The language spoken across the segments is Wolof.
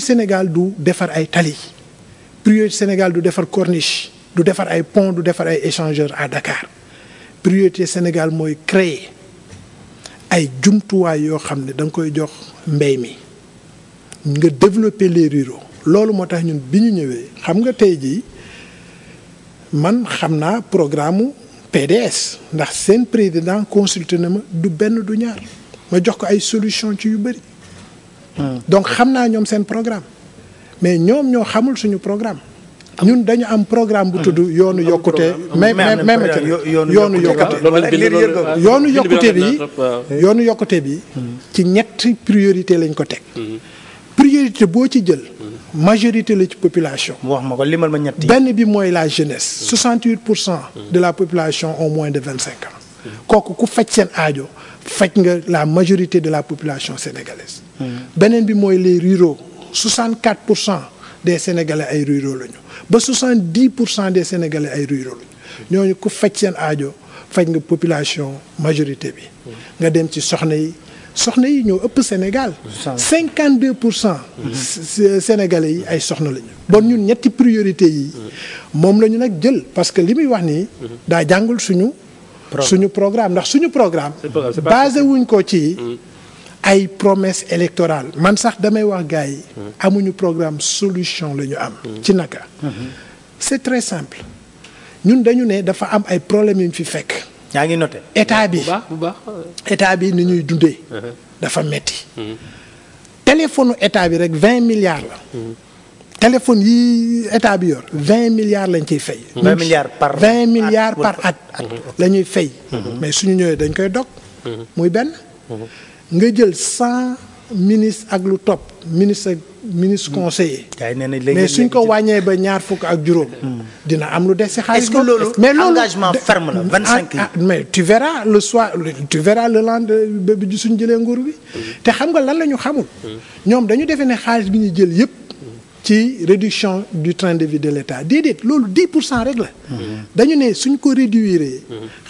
Sénégal du defar ay tali priorité Sénégal du defar corniche du defar ay pont du defar ay échangeur à Dakar priorité Sénégal mooy créer ay jumtuwaay yoo xam ne da nga koy jox mbéy mi nga développer les ruraux loolu moo tax ñun bi ñu ñëwee xam nga tey jii man xam naa programme PDS ndax seen président consulté na ma du benn du ñaar ma jox ko ay solution ci yu bëri donc xam naa ñoom seen programme mais ñoom ñoo xamul suñu programme ñun dañu am programme bu tudd yoonu yokkute même même yoonu yokkute yoonu yokkute bi yoonu yokkute bi ci ñetti priorité lañ ko teg hmm. priorité boo ci jël hmm. majorité la ci population wax ma ko limal ma ñett benn bi mooy la jeunesse 68 hmm. pour cent de la population au moins de vingt cinq kooku ku faj seen aajo faj nga la majorité de la population sénégalaise. beneen bi mooy les ruraux 64 pour cent des sénégalais ay ruraux la ñu ba 70 pour cent des sénégalais ay ruraux la ñu ñooñu ku faj seen aajo faj nga population majorité bi. nga dem ci soxna yi. soxna yi ñoo ëpp Sénégal. 52 pour cent. Sénégalais yi ay soxna lañu. bon ñun ñetti priorité yi. moom lañu nag jël parce que li muy wax nii. Mhm. daa jàngul suñu. suñu programme ndax suñu programme basé wuñ ko ci mm. ay promesse électorale man sax damay wax gars yi mm. amuñu programme solution la ñu am mm. ci naka mm-hmm. c'est très simple ñun dañu ne dafa am ay problèmes yu ñu fi fekk yaa ngi noté état bi bu baax état bi ni ñuy dundee mm-hmm. dafa metti mm-hmm. téléphone état bi rek vingt milliards la téléphone yi état bi yor vingt milliards lañ ciy fay. vingt milliards par at vingt milliards at. la ñuy fay. mais suñu ñëwee dañ koy dog. muy benn. nga jël cent ministres ak lu topp ministre ministre conseiller. Mm. mais suñ ko wàññee ba ñaar fukk ak juróom. Mm. dina am lu des si xaalis. est-ce que loolu engagement ferme la vingt cinq ans ah, ah, mais tu verras le soir tu verras bi suñ jëlee nguur bi. Mm. te xam nga lan la ñu xamul. ñoom dañu defee ne xaalis bi ñu jël yëpp. ci réduction du train de vie de l'État déedéet loolu 10 pour cent rek la. dañu ne suñ ko réduire.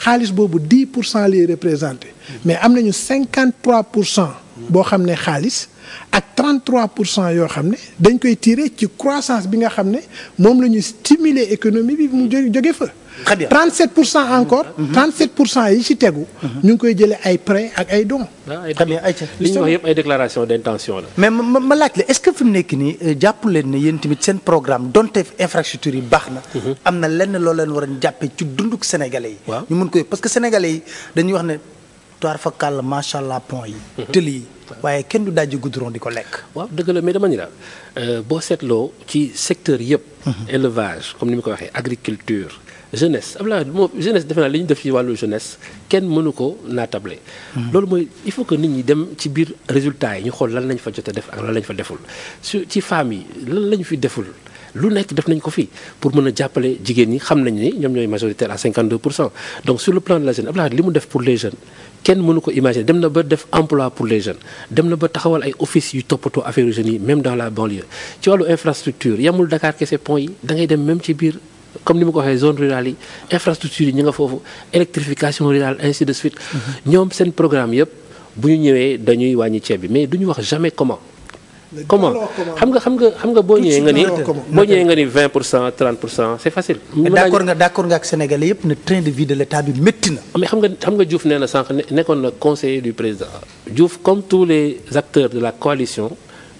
xaalis boobu 10 pour cent lay représenté. mais am nañu 53 pour cent. boo xam ne xaalis. ak 33 pour cent yoo xam ne dañ koy tirer ci croissance bi nga xam ne moom la ñu stimuler économie bi mu jóge fa. très bien 37 pour cent encore. 37 mm-hmm. pour cent yi ci tegu. Mm-hmm. ñu ngi koy jëlee ay prêts ak ay dons. Ah, très bien ay li ñu wax yëpp ay déclaration d'intention la. mais ma ma laaj la est-ce que fi mu nekk nii euh, jàpp leen ne yéen seen programme donte infrastructure yi baax na. Mm-hmm. am na lenn loo leen war ci dunduk sénégalais yi. ñu mën koy parce que sénégalais yi dañuy wax ne. toir fa kàll macha allah pont yi. Mhm. tëli yi waaye kenn du dajji goudron di ko lekk. waaw dëgg la mais dama ni la euh, boo seetloo ci secteur yëpp. Mhm. élevage comme ni mu ko waxee agriculture. jeunesse Abdoulaye moo jeunesse defe naa li ñu def ci wàllu jeunesse kenn mënu ko naatable. Mhm. loolu mooy il faut que nit ñi dem ci biir résultat yi ñu xool lan lañ fa jot a def ak lan lañ fa deful su ci femmes yi lan lañ fi deful. lu nekk def nañ ko fi pour mën a jàppale jigéen ñi xam nañ ni ñoom ñooy majoritaire à 52 pour cent donc sur le plan de la jeune Abdoulaye li mu def pour les jeunes kenn mënu ko imaginer dem na ba def emploi pour les jeunes dem na ba taxawal ay office yu toppatoo affaire jeunes yi même dans la banlieue ci wàllu infrastructure yamul Dakar kese pont yi da ngay dem même ci biir comme ni ma ko waxee zone rurale yi infrastructure yi ñu nga foofu électrification rurale ainsi de suite mhm. ñoom seen programme yëpp bu ñu ñëwee dañuy wàññi ceeb bi mais duñu wax jamais comment comment xam nga xam nga xam nga boo ñëwee nga ni boo ñëwee nga ni 20 pour cent 30 pour cent c'est facile. mën naa d'accord nga d'accord nga ak Sénégalais yëpp ne train de vie de l'état bi métti na. Ah, mais xam nga xam nga Diouf nee na sànq nekkoon na conseiller du président Diouf comme tous les acteurs de la coalition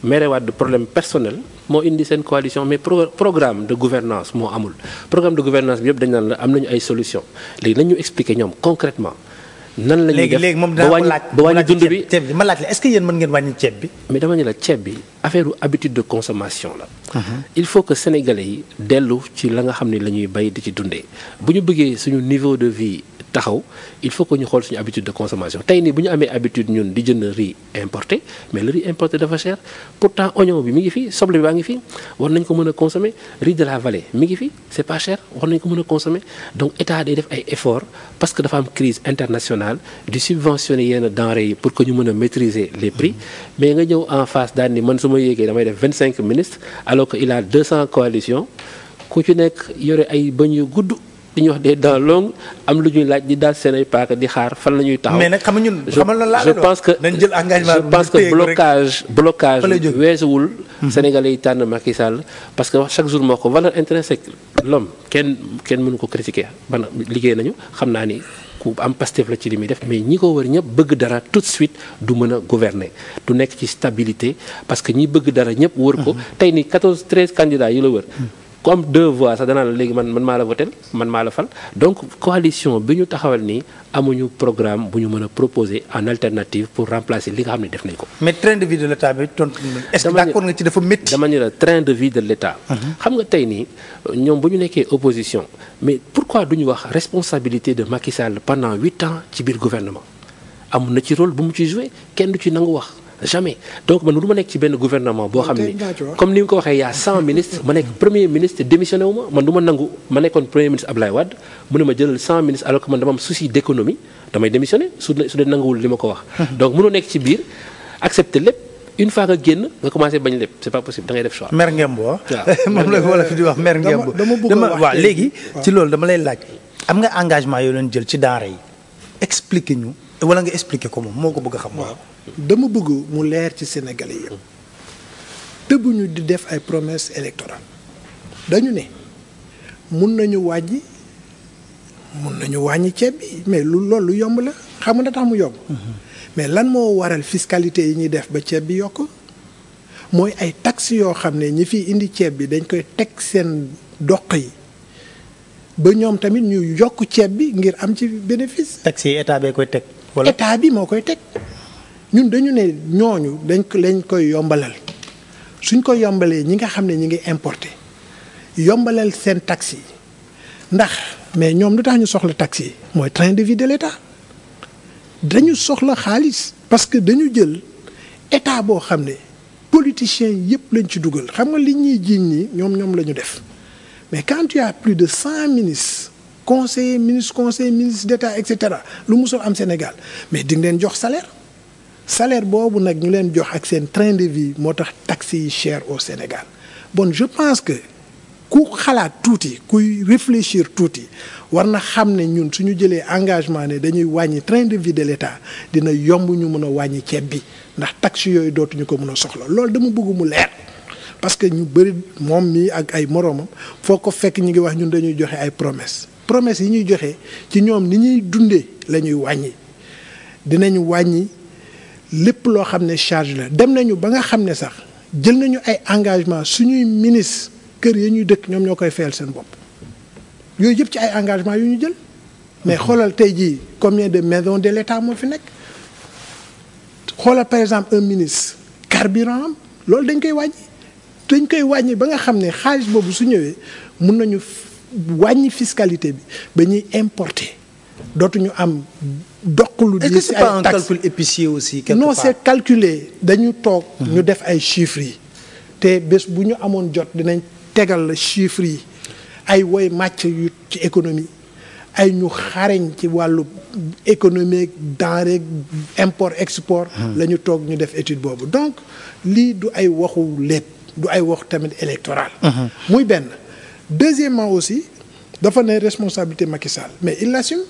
mere waat problème personnel moo indi seen coalition mais programme de gouvernance moo amul programme de gouvernance bi yëpp dañ naan la am nañu ay solution léegi nañu expliquer ñoom concrètement nan la ñuy def léegi moom dinaa ko laaj ba wàññi dund bi ceeb bi ma laaj la est-ce que yéen mën ngeen wàññi ceeb bi. mais dama ne la ceeb bi affaire habitude de consommation la. Mhm. il faut que sénégalais yi dellu ci la nga xam ne la ñuy bay di ci dundee bu ñu bëggee suñu niveau de vie. taxaw il faut que ñu xool suñu habitude de consommation tey nii bu ñu amee habitude ñun di jënd riz importé mais le riz importé dafa cher pourtant oignon bi mi ngi fi soble bi baa ngi fi war nañ ko mën a consommer riz de la vallée mi ngi fi c'est pas cher war nañ ko mën a consommer donc état day def ay efforts parce que dafa am crise internationale di subventionner yenn denrées yi pour que ñu mën a maîtriser les prix mm-hmm. mais nga ñëw en face daan man su ma li ñuy wax des dents longues am lu ñuy laaj di daal seen ay paaka di xaar fan la ñuy taxaw. mais nag xam ñun xamal la je pense que nañ jël engagement je pense que blocage blocage weesuwul. Mhm. Sénégalais yi tànn Macky Sall parce que chaque jour moo ko valeur intrinsèque l'homme kenn kenn mënu ko critiquer man liggéey nañu xam naa ni ku am pastef la ci li muy def mais ñi ko wër ñëpp bëgg dara tout de suite du mën a gouverner du nekk ci stabilité parce que ñi bëgg dara ñëpp wër ko mhm. tey ni 14 13 candidats yi la wër. Mhm. comme am deux voix sax danaa la léegi man man maa la votel man maa la fal donc coalition bi ñu taxawal nii amuñu programme bu ñu mën a proposer en alternative pour remplacer li nga xam ne def nañ ko. mais train de vie de l'état bi tontu est-ce que d'accord nga ci dafa métti. dama ñu la train de vie de l'état. Mhm. xam nga tey nii ñoom bu ñu nekkee opposition mais pourquoi duñu wax responsabilité de Macky Sall pendant huit ans ci biir gouvernement am na ci rôle bu mu ci joué kenn du ci nangu wax. jamais donc man mënu ma nekk ci benn gouvernement boo xam ni comme ni nga ko waxee y' a 100 ministres ma nekk premier ministre démissionné wu man du nangu ma nekkoon premier ministre Abdoulaye Wade mu ne ma jëlal 100 ministres alors que man dama am souci d' économie damay démissionné su dee nanguwul li ma ko wax. donc mënoo nekk ci biir accepté lépp. une nga génn nga commencé bañ lépp c'est pas possible da def choix. mer ngemb waaw moom la wala wax léegi. ci loolu nga engagement yoo leen jël ci denrée yi. expliquer wala nga expliquer ko moom moo ko bëgg a xam. waaw dama bëgg mu leer ci Sénégalais yëpp tëbuñu di def ay promesses électorales dañu ne mun nañu wàññi mun nañu wàññi ceeb bi mais lu loolu lu yomb la xam nga tax mu yomb. Mm-hmm. mais lan moo waral fiscalité yi ñuy def ba ceeb bi yokk mooy ay tax yoo xam ne ñi fi indi ceeb bi dañ koy teg seen doq yi. ba ñoom tamit ñu yokk ceeb bi ngir am ci bénéfice. taxes yi état bee koy teg. wala bi moo koy teg. ñun dañu ne ñooñu dañ lañ koy yombalal suñ koy yombalee ñi nga xam ne ñi ngi importer yombalal seen taxes yi ndax mais ñoom lu tax ñu soxla taxes yi mooy train de vie de l'État dañu soxla xaalis parce que dañu jël état boo xam ne politiciens yëpp lañ ci dugal xam nga li ñuy jiiñ ñi ñoom ñoom la ñu def mais quand tu plus de cent ministres conseillers ministres conseillers ministres d'État et cetera lu musul am Sénégal mais di nga leen jox salaire salaire boobu nag ñu leen jox ak seen train de vie moo tax taxi yi cher au Sénégal bon je pense que ku xalaat tuuti kuy réfléchir tuuti war na xam ne ñun suñu jëlee engagement ne dañuy wàññi train de vie de l'État dina yomb ñu mën a wàññi ceeb bi ndax taxi yooyu dootuñu ko mën a soxla loolu dama bëgg mu leer parce que ñu bëri moom mii ak ay moroomam foo ko fekk ñu ngi wax ñun dañuy joxe ay promesse promesse yi ñuy joxe ci ñoom ni ñuy dundee la ñuy wàññi dinañu wàññi lépp loo xam ne charge la dem nañu ba nga xam ne sax jël nañu ay engagement suñuy ministre kër ya ñuy dëkk ñoom ñoo koy fayal seen bopp yooyu yëpp ci ay engagement yu ñu jël mais xoolal tey jii combien de maisons de l'État moo fi nekk xoolal par exemple un ministre carburant am loolu dañ koy wàññi dañ koy wàññi ba nga xam ne xaalis boobu su ñëwee mun nañu wàññi fiscalité bi ba ñuy importer dootuñu am doqlu li si ay taxes est-ce c'est pas épicier aussi quelque part non c'est dañu toog. Mhm. ñu def ay chiffres yi. te bés bu ñu amoon jot dinañ tegal la chiffres yi ay woy màcc yu ci économie ay ñu xarañ ci wàllu économique denrée import export. Mhm. la ñu toog ñu def étude boobu donc lii du ay waxu lépp du ay wax tamit électoral. Mhm. muy benn deuxièmement aussi dafa ne responsabilité Macky mais il l'assume.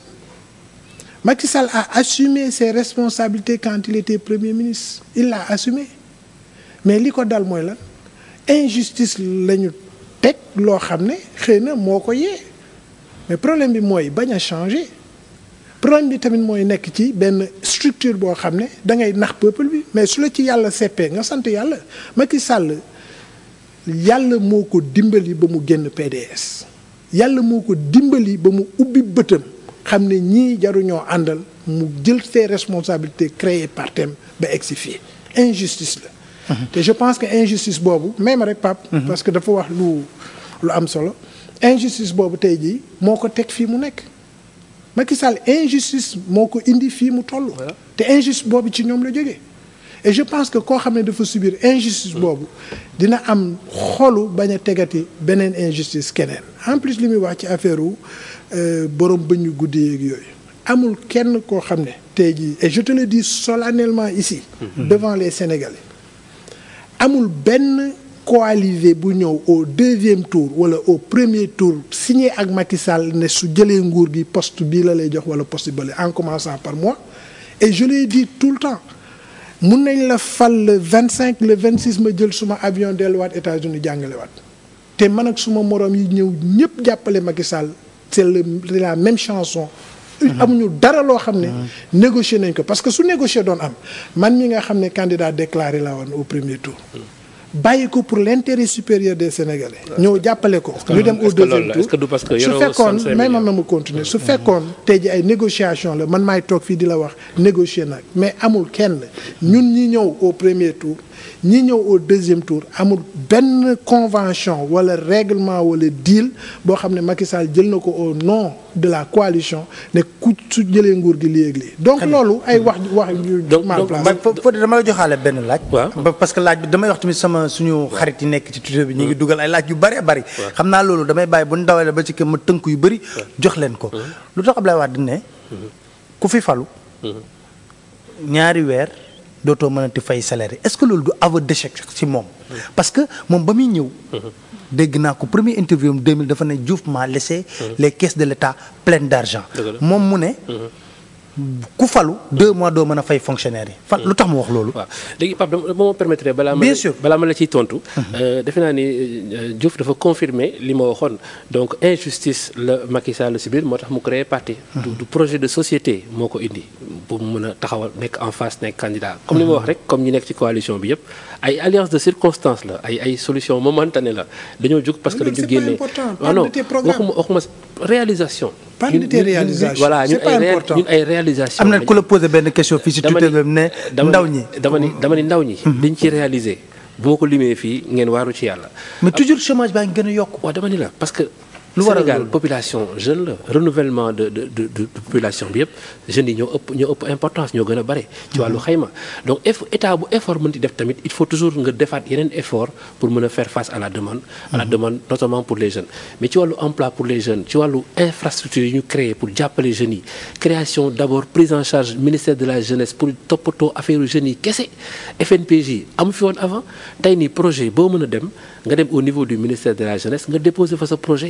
Macky Sall a assumé ses responsabilités quand il premier ministre il l'a assumé mais li ko dal mooy la injustice la ñu teg loo xam ne xëy na moo ko yee mais problème bi mooy bañ a changé problème bi tamit mooy nekk ci benn structure boo xam ne da ngay nax peuple bi mais su la ci yàlla seppee nga sant yàlla Macky Sall yàlla moo ko dimbali ba mu génn PDS yàlla moo ko dimbali ba mu ubbi bëtam. xam ne ñii jaruñoo àndal mu jël ses responsabilités créées par thème ba egsi fii injustice la. Mhm. te je pense que injustice boobu même rek Pape. Mhm. parce que dafa wax lu lu am solo. injustice boobu tey jii moo ko teg fii mu nekk Macky Sall injustice moo ko indi fii mu toll. te injustice boobu ci ñoom la jóge et je pense que koo xam ne dafa subir injustice boobu dina am xolu bañ a tegati beneen injustice keneen en plus li muy wax ci affaire wu euh, borom bëñ ñu guddi yeeg yooyu amul kenn koo xam ne tey jii et je te le dis solennellement ici mhm. devant les Sénégalais amul benn coalisé bu ñëw au deuxième tour wala au premier tour signé ak Macky Sall ne su jëlee nguur gi post bii la lay jox wala poste bi la en commençant par mois et je l'ai dit tout le temps mun nañ la fal le vingt cinq le vingt six ma jël suma avion delluwaat États-Unis jàngalewaat te man ak suma moroom yi ñëw ñëpp jàppale Macky Sall c'est le la même chanson. Mhm. ñu dara loo xam ne. Mhm. négocier nañ ko parce que su négocier doon am man mi nga xam ne candidat déclaré la woon au premier tour. Mhm. bàyyi ko pour l' intérêt supérieur des sénégalais. ñëw jàppale ko. ñu dem au deuxième tour su fekkoon may ma ma continuer su fekkoon te ji ay négociation la man maay toog fii di la wax négocier nag mais amul kenn ñun ñi ñëw au premier tour ñi ñëw au deuxième tour amul benn convention wala règlement wala deal boo xam ne Macky Sall jël na ko au non de la coalition ne ku su jëlee nguur gi léegi lii donc loolu ay wax wax yu mal placé. dama la joxaale benn laaj. naa suñu xarit yi nekk ci tuto bi ñu ngi dugal ay laaj yu bëree bari xam naa loolu damay bàyyi bu ñu dawalee ba ci kër ma tënk yu bari jox leen ko lu tax Abdoulaye Wade ne mm-hmm. ku fi falu mm-hmm. ñaari weer dootoo mënati fay salaire est-ce que loolu du aveu d'échec ci moom mm-hmm. parce que moom ba muy ñëw dégg naa ko premier interview am 2000 dafa ne Diouf m'a laissé les caisses de l'État pleines d'argent moom mu ne ku falu deux mois doo mën a fay fonctionnaire yi. fan lu tax mu wax loolu. waaw léegi Pape dama ma permettre balaa ma. bien sûr balaa ma la ciy tontu. Mhm. Euh, defe naa ni euh, Diouf dafa confirmer li ma waxoon donc injustice la Macky Sall subir moo tax mu créé parti. Mhm. du projet de société moo ko indi pour mu mën a taxawal nekk en face nekk candidat. comme li ma wax mhm. rek comme ñu nekk ci coalition bi yëpp ay alliance de circonstance la ay ay solution momentanée la dañoo jug parce que dañu génne. waaw ah non waxuma waxuma réalisation. pas une réalisation voilà ñun ay réalisation am na ku la posé benn question fii si tutelle ne ndaw ñi dama ni dama ni ndaw ñi mhm. liñ ci réaliser boo ko limee fii ngeen waaru ci yàlla mais toujours chômage baa ngi gën a yokk waaw dama ni la parce lu waral population jeune la renouvellement de de de de population bi yëpp jeunes yi ñoo ëpp importance ñoo gën a bare. ci wàllu xayma donc état bu effort mën di def tamit il faut toujours nga defaat yeneen effort pour mën a faire face à la demande. à mhm. pour les jeunes. mais ci wàllu emploi pour les jeunes yi création d' prise en charge ministère de la jeunesse pour toppatoo affaire jeunes yi kese FNPJ amu fi woon avant tey nii projet boo mën a dem nga dem au niveau de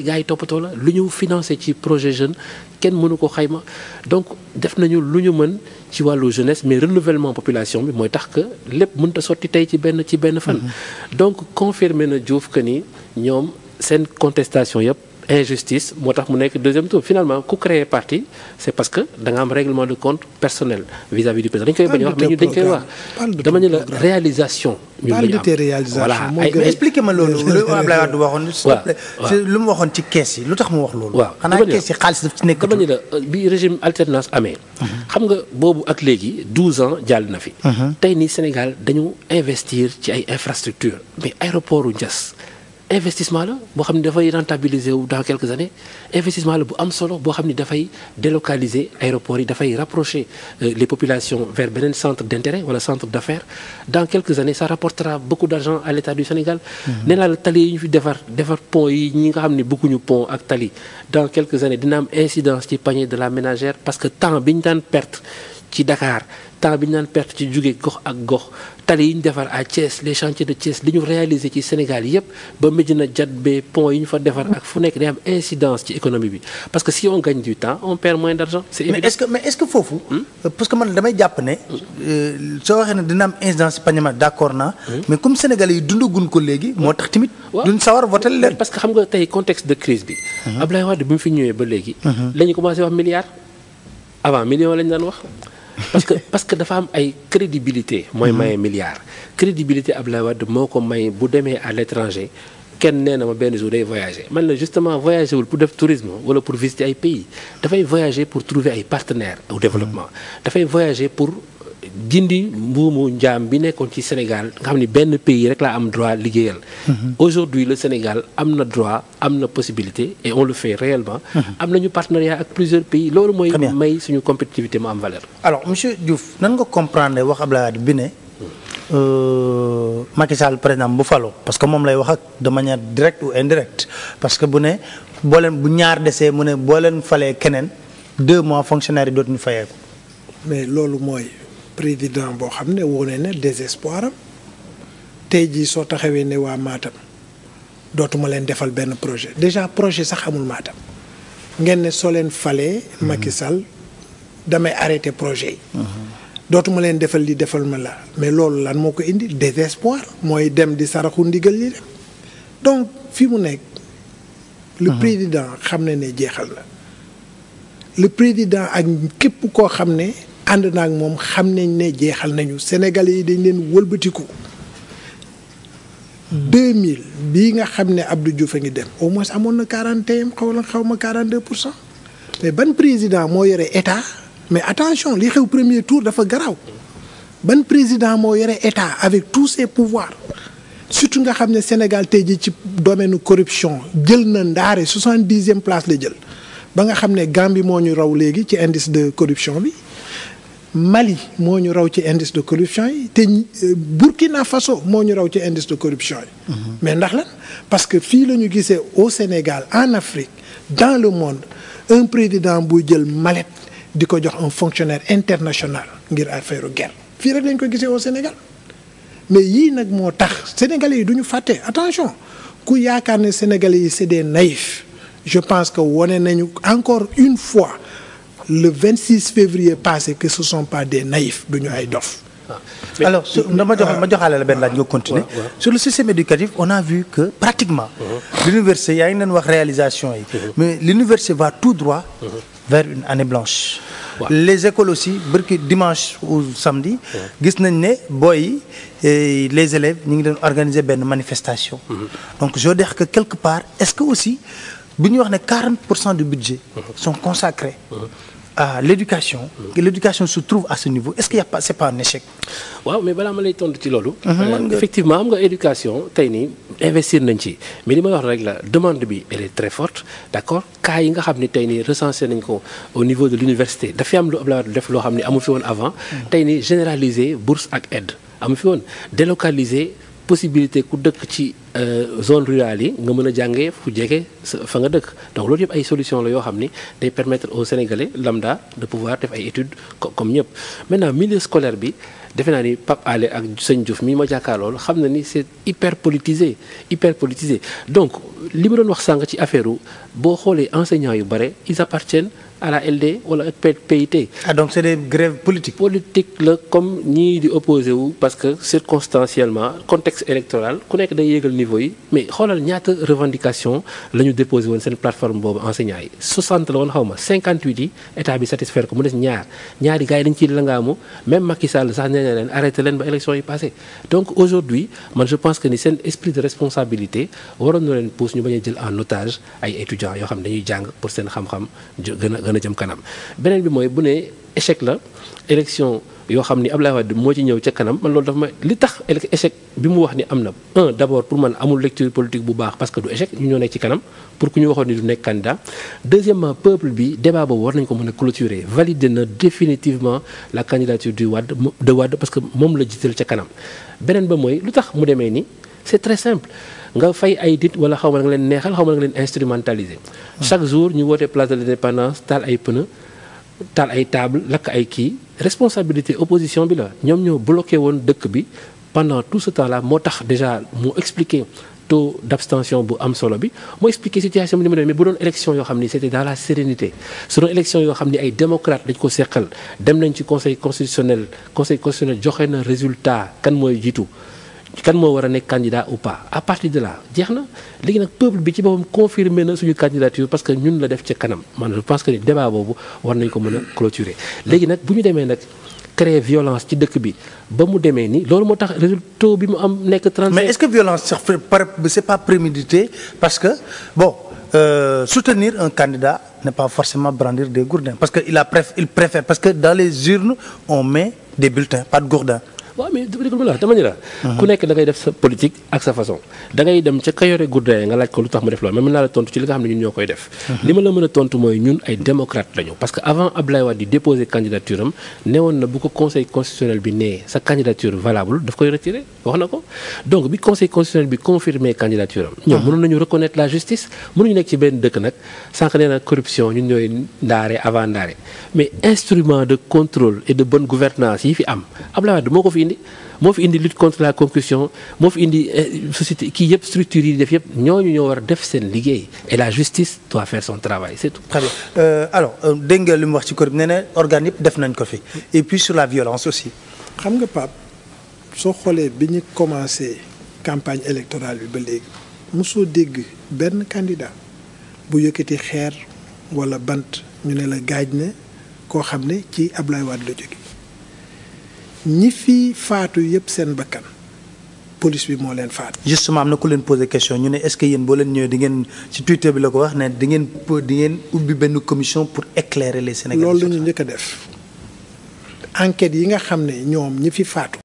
la toppatoo la lu ñu financé ci projet jeune kenn mënu ko xayma donc def nañu lu ñu mën ci wàllu jeunesse mais renouvellement population bi mooy tax que lépp mën ta sotti tey ci benn ci benn fan mm-hmm. donc confirmé na Diouf que ni ñoom seen contestation yëpp injustice moo tax mu nekk deuxième tour finalement ku créer parti c' parce que da nga am règlement de compte personnel vis-à-vis du président dañ koy bañ a wax mais ñu dañ koy wax dama la réalisation. ñu ngi am voilà ay mais mu waxoon ci kees yi lu tax mu wax loolu. waaw xanaa kees yi xaalis daf ci nekk. dama ne la euh, bi régime alternance amee. xam nga boobu ak léegi 12 ans jàll na fi. Mhm. tey nii Sénégal dañu investir ci ay infrastructures mais aéroportu Diass. investissement la boo xam ne dafay rentabiliser wu dans quelques années investissement la bu am solo boo xam ne dafay délocaliser aéroport yi dafay rapprocher euh, les population vers beneen centre d'intérêt wala centre d'affaires dans quelques années ça rapportera beaucoup d'argent à l'État du Sénégal mhm. nee naa la tali yi ñu fi defar defar pont yi ñi nga xam ne bëgguñu pont ak tali dans quelques années dina am incidence ci panier de la ménagère parce que temps bi ñu daan perte ci Dakar temps bi ñu naan perte ci jóge gox ak gox tali yi ñu defar à Thiès les chantiers de Thiès li ñu réalisé ci Sénégal yépp ba Médina Diatbé pont yi ñu fa defar ak fu nekk day am incidence ci économie bi parce que si on gagne du temps on perd moins d'argent mais est-ce que foofu. Hmm? Euh, parce que man damay jàpp ne. Euh, soo waxee ne dina am incidence ci Pagnement d'accord naa. Hmm? mais comme Sénégalais yi dundagun ko léegi. moo tax tamit duñ sawar nga tey contexte de crise bi. Hmm. Abdoulaye parce que parce que dafa am ay crédibilité mooy maye milliard crédibilité la Wade moo ko may bu demee à l'étranger kenn nee na ma benn jour day voyager man la justement voyager wul pour def tourisme wala pour visiter ay pays dafay voyager pour trouver ay partenaires ou développement dafay voyager pour dindi mbuumu njaam bi nekkoon ci Sénégal nga xam ne benn pays rek laa am droit liggéeyal. Mhm. aujourd'hui le Sénégal am na droit am na possibilité et on le fait réellement. Mhm. am na nañu partenariat ak plusieurs pays loolu mooy. may suñu compétitivité mu am valeur. alors monsieur Diouf nan nga comprendre wax Abdoulaye Wade bi ne. Euh, Macky Sall par exemple bu faloo parce que moom lay wax ak de manière directe ou indirecte parce que bu ne boo leen bu ñaar desee mu ne boo leen falee keneen deux mois fonctionnaire yi dootuñu président boo xam ne wone na désespoir am tey jii soo taxawee ne waa Matam dootuma leen defal benn projet déjà projet sax amul Matam ngeen ne soo leen falee. Macky mhm. Sall damay arrêté projet yi. Mhm. dootuma leen defal li defal ma la mais loolu lan moo ko indi désespoir mooy dem di saraxu ndigal li dem donc fi mu nekk. le mhm. président xam ne ne jeexal na. le président ak képp koo xam ne. ànd naag moom xam nañ ne jeexal nañu sénégalais yi dañ leen wëlbatiku 2000 bii nga xam ne Abdou Diouf a ngi dem au moins amoon na 41 xaw la xaw ma 42 pour cent mais ban président moo yore état mais attention li xew premier tour dafa garaw ban président moo yore état avec tous ses pouvoirs surtout nga xam ne Sénégal te jii ci domaine corruption jël na ndaare 70e place la jël ba nga xam ne Gambie moo ñu raw léegi ci indice de corruption bi. Mali moo ñu raw ci indice de corruption yi te euh, Burkina Faso moo ñu raw ci indice de corruption yi. Mhm. mais ndax lan parce que fii la ñu gisee au Sénégal en Afrique dans le monde un président buy jël mallette di ko jox un fonctionnaire international ngir affaire guerre fii rek lañ ko gisee au Sénégal mais yii nag moo tax sénégalais yi du ñu fàtte attention ku yaakaar ne sénégalais yi c'est des naïfs je pense que wone nañu encore une fois. le 26 février passé que ce sont pas des naïfs du ay dof. Ah. alors su euh, ma jox euh, ma joxaale la benn laaj nga ah, continuer sur le système éducatif on a vu que pratiquement. Uh-huh. yaa ngi leen wax réalisation yi. Uh-huh. mais l'université va tout droit. Uh-huh. vers une les écoles aussi bërki dimanche ou samedi. gis nañ ne booy yi eh, les élèves ñu ngi doon organiser benn manifestation. donc je veux que quelque part est-ce que aussi bi ñu wax ne 40 pour cent du budget. sont consacrés. à l'éducation que l'éducation se trouve à ce niveau est-ce qu'il y a c'est pas un échec waaw mais balaa ma lay tontu ci loolu mhm. euh, effectivement am nga éducation tey nii investir nañ ci mais li ma wax rek la demande bi elle est très forte d'accord cas nga xam ni tey nii recensé nañ ko au niveau de l'université dafa am lu def loo xam ni amu fi woon avant mhm. tey nii généraliser bourse ak aide amu fi woon délocaliser possibilité ku dëkk ci euh, zone rurale yi nga mën a jàngee fu jege fa nga dëkk donc loolu yëpp ay solution la yoo xam ni day permettre aux Sénégalais lambda de pouvoir def ay études comme ñëpp maintenant milieu scolaire bi defe naa ni Pape Alé ak sëñ Diouf mii ma jàkkaar loolu xam na ni c'est hyper politisé hyper politisé donc li ma doon wax sànq ci affaire boo xoolee enseignants yu bare ils appartiennent à la LD wala PIT. ah donc c'est des grèves politiques. politique la comme ñii di opposé wu parce que circonstanciellement contexte électoral ku nekk day yéegal niveau yi mais xoolal ñaata revendication la ñu déposé woon seen plateforme boobu enseignants yi 60 la woon xaw ma 58 yi état bi satisfaire ko mu des ñaar ñaari gars yi dañu ciy langaamu même Macky sax nee leen arrêté leen ba élection yi passé donc aujourd'hui man je pense que ni seen esprit de responsabilité leen pousse ñu bañ a jël en otage ay étudiants yoo xam ne dañuy jàng pour seen xam-xam gën gën a jëm kanam beneen bi mooy bu ne échec la élection yoo xam ni Abdoulaye Wade moo ci ñëw ca kanam man loolu dafa ma li tax échec bi mu wax ni am na un d' abord pour man amul lecture politique bu baax parce que du échec ñu ñoo nekk ci kanam pour ku ñu waxoon ni du nekk candidat deuxièmement peuple bi débat boobu war nañ ko mën a clôturer valider na définitivement la candidature du Wade de Wade parce que moom la jiital ca kanam beneen ba mooy lu nga fay ay dit wala xaw ma nga leen neexal xaw ma leen instrumentaliser. chaque jour ñu woote place de l'indépendance taal ay pneu taal ay table lakk ay kii responsabilité opposition bi la ñoom ñoo bloqué woon dëkk bi pendant tout ce temps là moo tax déjà moo expliqué taux d'abstention bu am solo bi moo expliqué situation bi ni mu demee mais bu doon élection yoo xam ni c'était dans la sérénité su doon élection yoo xam ni ay démocrate dañ ko seqal dem nañ ci conseil constitutionnel conseil constitutionnel joxe na résultat kan mooy jiitu kan moo war a nekk candidat ou pas à partir de là jeex na léegi nag peuple bi ci boppam confirmé na suñu candidature parce que ñun la def ci kanam maanaam je pense que ni débat boobu war nañ ko mën a léegi nag bu ñu demee nag créer violence ci dëkk bi ba mu demee ni loolu moo tax résultat bi mu am nekk 35 mais est-ce que violence sax c'est pas prémédité parce que bon Euh, soutenir un candidat n'est pas forcément brandir des gourdins parce que il a préf il préfère que dans les urnes on met des bulletins pas waaw mais déglu ma la dama ñu la. ku nekk da ngay def sa politique ak sa façon. da ngay dem ca kayore guddaay nga laaj ko lu tax mu def loolu mais mën naa la tontu ci li nga xam ne ñun ñoo koy def. li ma la mën a tontu mooy ñun ay démocrate lañu parce que avant Abdoulaye Wade di déposer candidature am na bu ko conseil constitutionnel bi nee sa candidature valable daf koy retirer wax na ko donc bi conseil constitutionnel bi confirmer candidature ñoom mënoon nañu reconnaître la justice mënuñu nekk ci benn dëkk nag sànq nee na corruption ñun ñooy ndaare avant ndaare de contrôle et de bonne yi fi am moo fi indi lutte contre la concussion moo fi indi eh, société kii yëpp structures yi def yëpp ñooñu ñoo war a def seen liggéey et la justice doit faire son travail c'est tout. très bien euh, euh dégg nga li mu wax ci kër bi nee na organes yëpp def nañ ko fi et puis sur la violence aussi. xam nga Pape soo xoolee bi ñu commencé campagne électorale bi ba léegi mosoo dégg benn candidat bu yëkkati xeer wala bant ñu ne la gaaj ne koo xam ne ci Ablaye Wade la jóge ñi fi faatu yëpp seen bakkan police bi moo leen faatu. justement am na ku leen posé question ñu ne est-ce que yéen boo leen ñëwee di ngeen ci Twitter bi la ko wax ne di ngeen di ngeen ubbi benn commission pour éclairer les Sénégalais. loolu la ñu njëkk a def enquête yi nga xam ne ñoom ñi fi faatu.